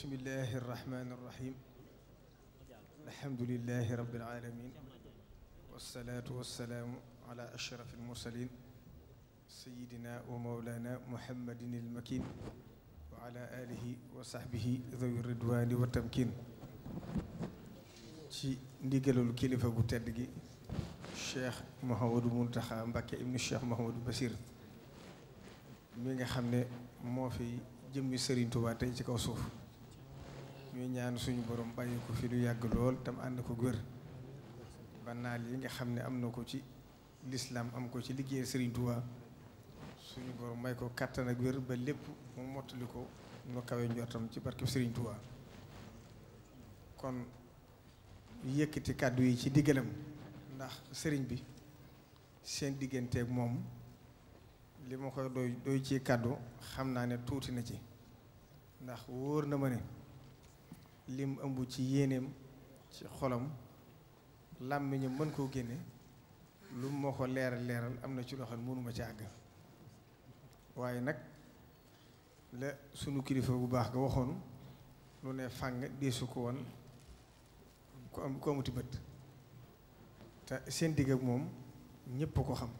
bismillahi irrahmani irrahim alhamdulilahi rabbil alamin wassalaatu wassalaamu ala ashraf almursalin sayidina wa mawlana muhammadin almakin wa ala alihi wa sahbihi dhawi ridwani wa tamkin ci ndigalul kilifa gu tedd gi cheikh Mouhamadou Mountakha Mbacké ibnu cheikh Mouhamadou Bachir mi nga xam ne moo fi jëmmi Serigne Touba tey ci kaw suuf ñuy ñaan suñu borom bàyyi ko fi lu yàgg lool tam ànd ko gër ba naal yi nga xam ne am na ko ci lislaam am ko ci liggéey Serigne Touba suñu borom may ko kàttan ak ba lépp mu mottali ko nu kawe njortam ci barkeb Serigne Touba kon yëkkati kàddu yi ci diggalam ndax sëriñ bi seen digganteeg moom li ma ko doy doy ci kàddu xam naa ne tuuti na ci ndax wóor na ma ne. lim ëmb ci yéeneem ci xolam làmmiñu mën koo génne lu moo ko leeral leeral am na ci loo mënuma ci àgg waaye nag la sunu kilifa bu baax ga waxoon lu ne fàng deesu ko woon ku am ku amuti bët te seen digg ak moom ñépp ko xam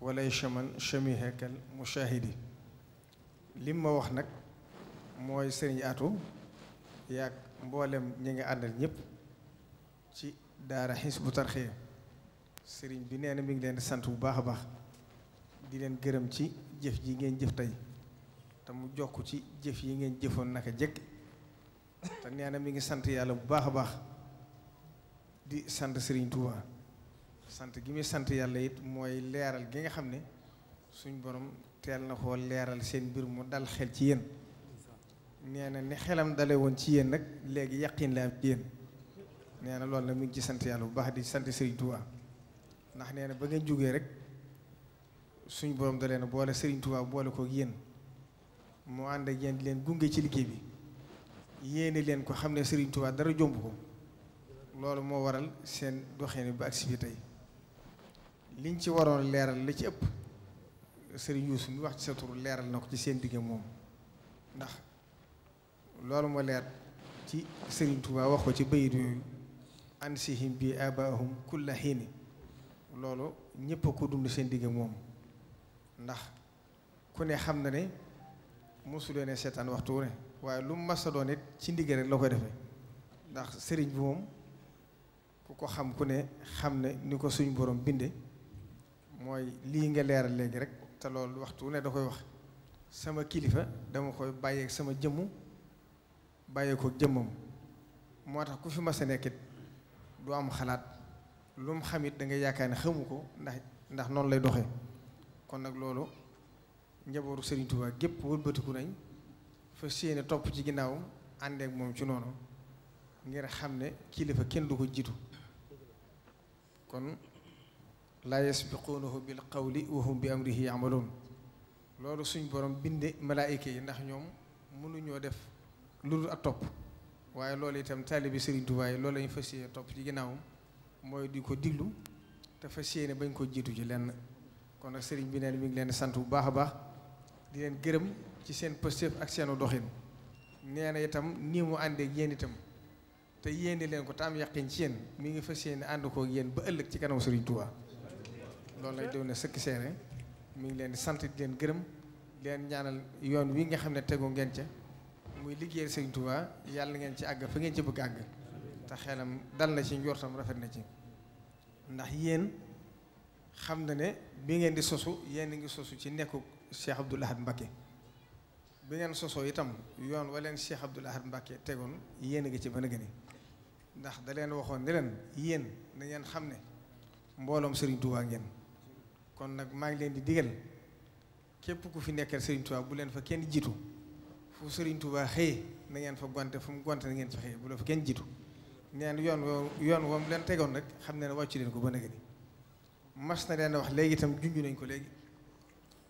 walay chaman chamihakal mushahidi lim ma wax nag mooy sëriñ atu yaag mboolem ñi nga àndal ñëpp ci daara bu Tarqiyyah sëriñ bi nee na mi ngi leen di sant bu baax a baax di leen gërëm ci jëf ji ngeen jëf tey te mu jokk ci jëf yi ngeen jëfoon naka jëkk te nee mi ngi sant yàlla bu baax a baax di sant sëriñ Touba sant gi muy sant yàlla it mooy leeral gi nga xam ne suñ borom teel na ko leeral seen mbir mu dal xel ci yéen. nee na ni xelam dale woon ci yéen nag léegi yaqin la yéen nee na loolu nag mu ngi ci sant yàlla bu baax di sant Serigne Touba ndax nee na ba ngeen jógee rek suñ boroom da leen boole Serigne tuwaa boole kook yéen moo ànd ak yéen di leen gunge ci liggéey bi yéene leen ko xam ne Serigne Touba dara jomb ko loolu moo waral seen doxin ba agsi bi tey liñ ci waroon leeral la ci ëpp sëriñ Youssou mi wax ci sa tur leeral na ko ci seen digge moom ndax. loolu ma leer ci Serigne Touba wax ko ci bayit yooyu ansihim bi abaahum kulla xiini loolu ñépp a ko dund seen digg moom ndax ku ne xam na ne mosu doone seetaan waxtu wu ne waaye lu mu mas it ci ndigg rek la koy defee ndax sëriñ bi moom ku ko xam ku ne xam ne ni ko suñu boroom binde mooy lii nga leeral léegi rek te lool waxtu wu ne da koy wax sama kilifa dama koy bàyyeek sama jëmm bàyyee ko jëmmam moo tax ku fi mas nekkit du am xalaat lu mu xamit da ngay yaakaar ne xëmu ko ndax ndax noonu lay doxe kon nag loolu njabootu Serigne Touba gépp wëlbatiku nañ fa séene topp ci ginnaaw àndeek moom ci noonu ngir xam ne kilifa kenn du ko jiitu kon laa yasbiquunahu bil qawli wa hum bi amrihi ya'maluun loolu suñ borom binde malaayika yi ndax ñoom mënuñoo def lu dul ak topp waaye loolu itam taalibi Serigne Touba yi loolu la ñu fas topp ci ginnaawam mooy di ko diglu te fas yéene bañ ko jiitu ci lenn kon nag sëriñ bi neen mi ngi leen sant bu baax a baax di leen gërëm ci seen pëstéef ak seenu doxin nee itam nii mu àndeek yéen itam te yéene leen ko te am yàqin ci yéen mi ngi fas yéene ànd kook yéen ba ëllëg ci kanam Serigne Touba loolu lay doon na sëkk seere mi ngi leen di sant di leen gërëm di leen ñaanal yoon wi nga xam ne tegu ngeen ca muy liggéeyal Sëriñ Tuubaa yàlla ngeen ci àgg fa ngeen ci bëgg àgg te xelam dal na ci njortam rafet na ci ndax yéen xam na ne bi ngeen di sosu yéen ngi sosu ci nekku Cheikh Abdoul Ahad Mbacké bi ngeen sosoo itam yoon waleen Cheikh Abdoul Ahad Mbacké tegoon yéen a ngi ci mën a gëni ndax daleen waxoon ne leen yéen na ngeen xam ne mbooloom Sëriñ Tuubaa ngeen kon nag maa ngi leen di digal képp ku fi nekkal Sëriñ Tuubaa bu leen fa kenn jiitu fu Serigne Touba xëye na ngeen fa gonte fu mu gonte na ngeen fa xëye bu la fa kenn jiitu neen yoon woo yoon woom leen tegoon rek xam ne ne wàccu leen ko ba nag ni mas na leen wax léegi itam junj nañ ko léegi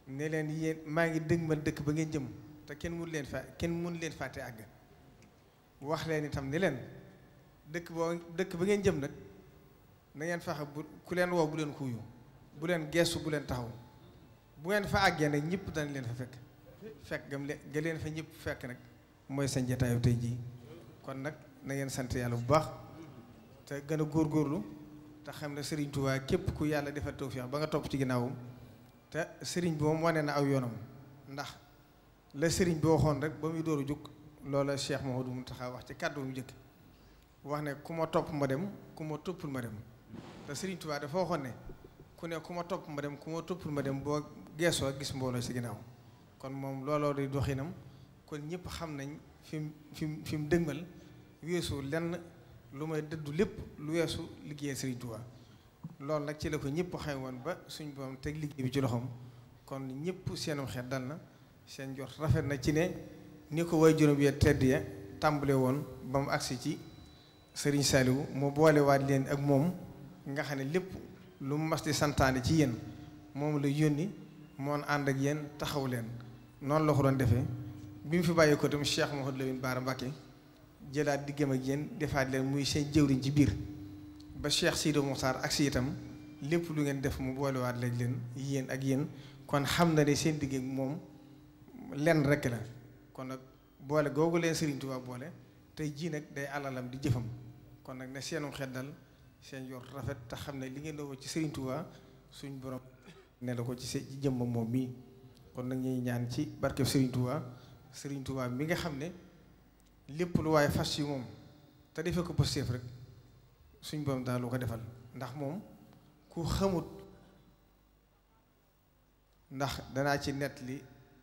ne leen yéen maa ngi dëgg dëkk ba ngeen jëm te kenn mun leen fa kenn mun leen fàtte àgg wax leen itam ne leen dëkk boo dëkk ba ngeen jëm nag na ngeen fexe bu ku leen woo bu leen xuuyu bu leen geesu bu leen taxaw bu ngeen fa àggee nag ñëpp dañ leen fa fekk fekk gam le ga leen fa ñëpp fekk nag mooy seen jataayu tey jii kon nag na ngeen sant yàlla bu baax te gën a góor góorlu te xam ne Serigne Touba képp ku yàlla defal tawfeex ba nga topp ci ginnaawam te Serigne bi moom na aw yoonam ndax la Serigne bi rek ba muy dóoru jóg loola Cheikh Mahodou Mountakha wax ci kàddu mu wax ne ku ma topp ma dem ku ma toppul ma dem Serigne Touba dafa waxoon ne ku ne ku ma topp ma dem ku ma toppul ma dem boo geesoo gis mbooloo si ginnaaw kon moom looloo di doxinam kon ñëpp xam nañ fi mu fi mu fi dëgmal weesu lenn lu may dëddu lépp lu weesu liggéeyal Sëriñ Tuubaa loolu nag ci la ko ñëpp xame woon ba suñ boom teg liggéey bi ci loxoom kon ñëpp seenum xeet dal na seen jot rafet na ci ne ni ko way juróom ya tedd ya tàmbale woon ba mu agsi ci Sëriñ Saliou mu boolewaat leen ak moom nga xam ne lépp lu mu mas di santaane ci yéen moom la yónni moon ànd ak yéen taxaw leen noonu la ko doon defee bi mu fi bàyyee ko tam Cheikh Mouhamadou Lamine baara Mbacké jëlaat diggam ak yéen defaat leen muy seen jëwriñ ci biir ba Cheikh Sidou Moukhtar ak si itam lépp lu ngeen def mu boolewaat lañ leen yéen ak yéen kon xam na ne seen digg moom lenn rek la kon nag boole googu leen Serigne Touba boole tey jii nag day alalam di jëfam kon nag ne seenu xel dal seen yor rafet te xam ne li ngeen doon ci Serigne Touba suñ borom ne la ko ci jëmmam moom mii. kon nag ñuy ñaan ci barkeb sëriñ Touba sëriñ Touba mi nga xam ne lépp lu waaye fas yi moom te defee ko positif rek suñ borom daal lu ko defal ndax moom ku xamut ndax danaa ci nett li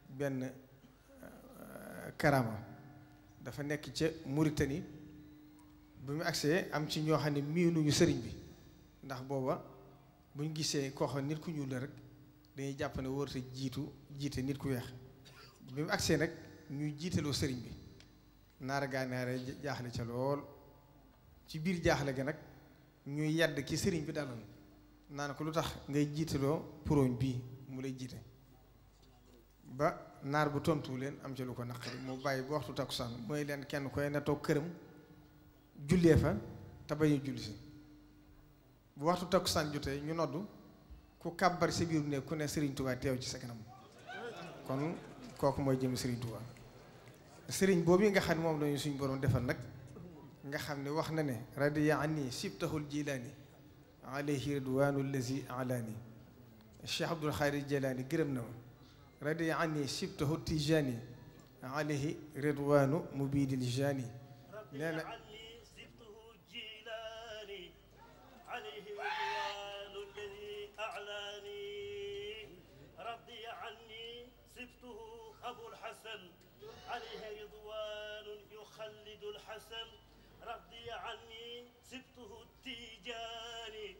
benn euh, karama dafa nekk ca Mauritanie bi mu agsee am ci ñoo xam ne miinuñu sëriñ bi ndax booba buñ gisee koo xam nit ku ñuul la rek dañuy jàpp ne wërta jiitu jiite nit ku weex bi mu agsee nag ñuy jiitaloo sëriñ bi naar gaa naara jaaxle ca lool ci biir jaaxle ga nag ñuy yàdd ki sëriñ bi dalal naan ko lu tax ngay jiitaloo poroñ bii mu lay jiite ba naar bu tontu leen am ci lu ko naqari mu bàyyi ba waxtu takkusaan mooy leen kenn koy na këram jullee fa te bañu julli si bu waxtu takkusaan jotee ñu noddu ku kàbbar si biir ne ku ne Serigne Touba teew ci sa kon kooku mooy jëm Serigne Touba Serigne boobu yi nga xam ne moom lañu suñu borom defal nag nga xam ne wax na ne radiya anni sibtahul jilaani alayhi ridwaanu lazi alaani Cheikh Abdul Xaadir Jilaani gërëm na ma radiya anni sibtahu tijaani alayhi ridwaanu mubidil jaani nee na جده أبو الحسن عليه رضوان يخلد الحسن رضي عني سبته التيجاني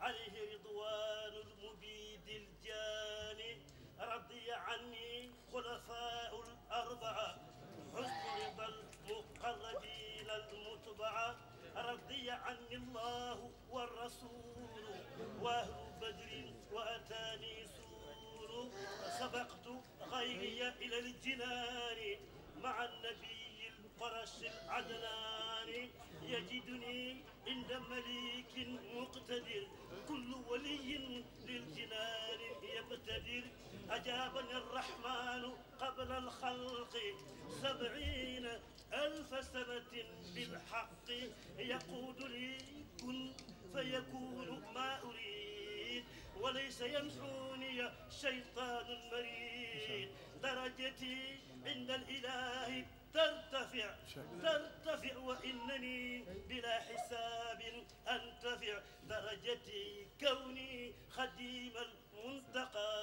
عليه رضوان المبيد الجاني رضي عني خلفاء الأربعة حسن رضا المقربين المتبعة رضي عني الله والرسول وأهل بدر وأتاني سبقت غيري إلى الجنان مع النبي القرش العدنان يجدني عند مليك مقتدر كل ولي للجنان يبتدر أجابني الرحمن قبل الخلق سبعين ألف سنة بالحق يقول لي كن فيكون ما أريد وليس يمحوني شيطان مريض درجتي عند الإله ترتفع ترتفع وإنني بلا حساب أنتفع درجتي كوني خديم المنتقى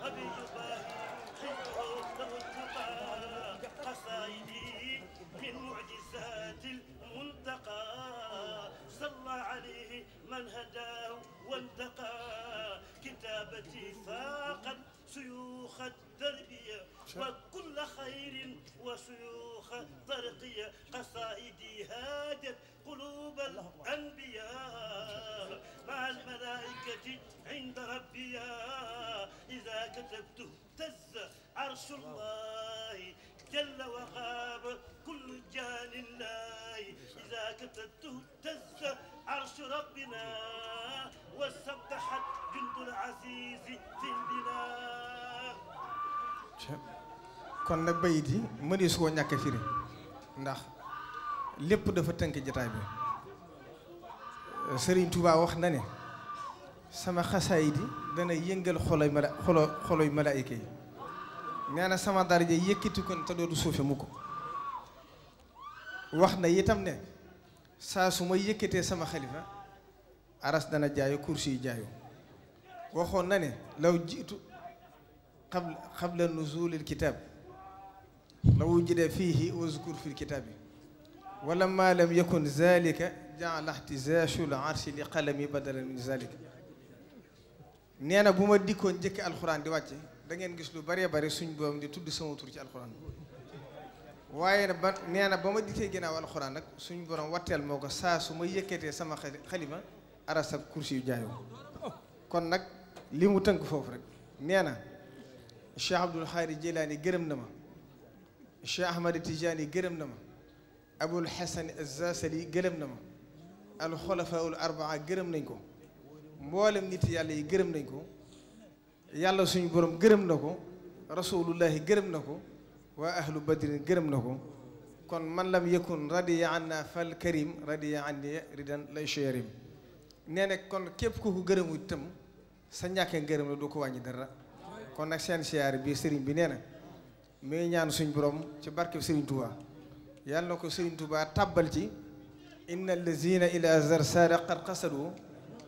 أبي يباهي حفظه له التقى قصائدي من معجزات المنتقى صلى عليه من هداه والتقى كتابتي فاقا سيوخ الدربية وكل خير وسيوخ الطرقية قصائدي هادت قلوب الأنبياء مع الملائكة عند ربي إذا كتبته اهتز عرش الله جل وغاب كل جان الله إذا كتبته اهتز عرش ربنا واستبدحت جند العزيز في البلاد kon na bayit yi mënees koo ñàkk a firi ndax lépp dafa tënk jataay bi euh, Sëriñ Tuubaa wax na ne sama xasaayid yi dana yëngal xoloy mala xolo xoloy malaayika yi nee na sama daraja yëkkati kon te dootu suufe mu ko wax na itam ne saa su ma yëkkatee sama xalifa aras dana jaayu kursi yi jaayu waxoon na ne law jiitu xab xabla nuzulil kitaab law fii fiihi wazkur fil kitaabi wala ma lam yakun zalika jaala ihtizashul arshi li qalami badalan min zalika nee na bu ma dikkoon njëkk alxuraan di wàcce da gis lu bëree bëri suñ boom di tudd sama tur ci alxuraan waaye nag ba nee na ba ma dikkee ginnaaw alxuraan nag suñ borom watteel moo ko saa su ma yëkkatee sama xalima aras ak kursi yu jaayoo kon nag li mu tënk foofu rek nee na Cheikh Abdul Xaadir Jilaani gërëm na ma Cheikh Ahmad Tijaani gërëm na ma Abul Xasan Azasali gërëm na ma alxolafaul arbaa gërëm nañ ko mboolem nit yàlla yi gërëm nañ ko yàlla suñu borom gërëm na ko rasulullahi gërëm na ko waa ahlu badrin gërëm na ko kon man lam yakun radiya anna fal karim radiya anni ridan lay cherim nee na kon képp ku ko gërëmu itam sa ñàkkee ngërëm la du ko wàññi dara kon nag seen siyaar bi sëriñ bi nee na muy ñaan suñ borom ci barkeb sëriñ Touba yàlla ko sëriñ Touba tàbbal ci inna allazina ila zar saada qad qasadu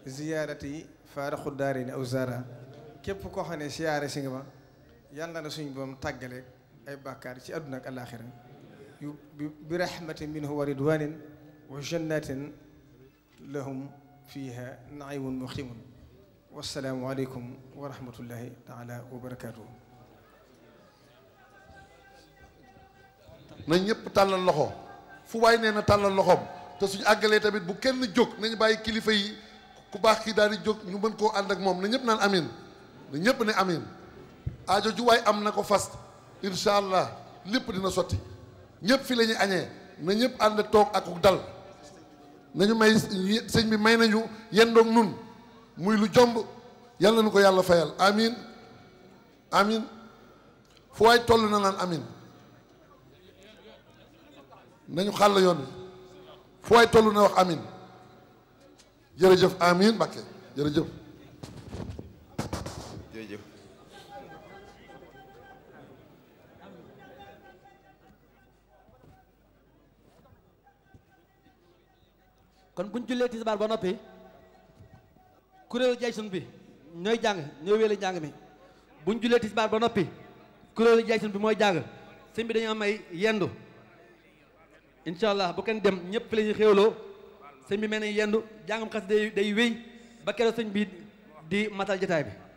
ziyaarati faaraxu daarini aw zara képp koo xam ne siyaare si nga ma yàlla na suñ borom tàggale ay bàkkaar ci àdduna ak alaaxira bi rahmatin minhu wa ridwanin wa jannatin lahum fiiha naimun muqimun wassalaamu aleykum wa rahmatullahi taala wa barakaatuhu nañ ñëpp tàllal loxo fu waay nee na tàllal loxoom te suñu àggalee tamit bu kenn jóg nañ bàyyi kilifa yi ku baax kii daal di jóg ñu mën koo ànd ak moom na ñëpp naan amin na ñëpp ne amin aajo waay am na ko fas incha allah lépp dina sotti ñëpp fi lañuy ñuy añee na ñëpp ànd toog ak dal nañu may sëñ bi may nañu yendoog nun muy lu jomb yàlla nu ko yàlla fayal amin amin fu waay toll na naan amin nañu xàll yoon bi fu waay toll na wax amin jërëjëf amin Mbàkke jërëjëf jërëjëf kon buñ jullee tisbaar ba noppi kuréelu jaysun bi ñooy jàng ñooy wéele jàng mi buñ jullee tisbaar ba noppi kuréelu jaysun bi mooy jàng sëñ bi dañoo am yendu incha allah bu kenn dem ñëpp la ñuy xéewloo sëñ bi mel ni yendu jàngam xas day day wéy ba keroog sëñ bi di matal jotaay bi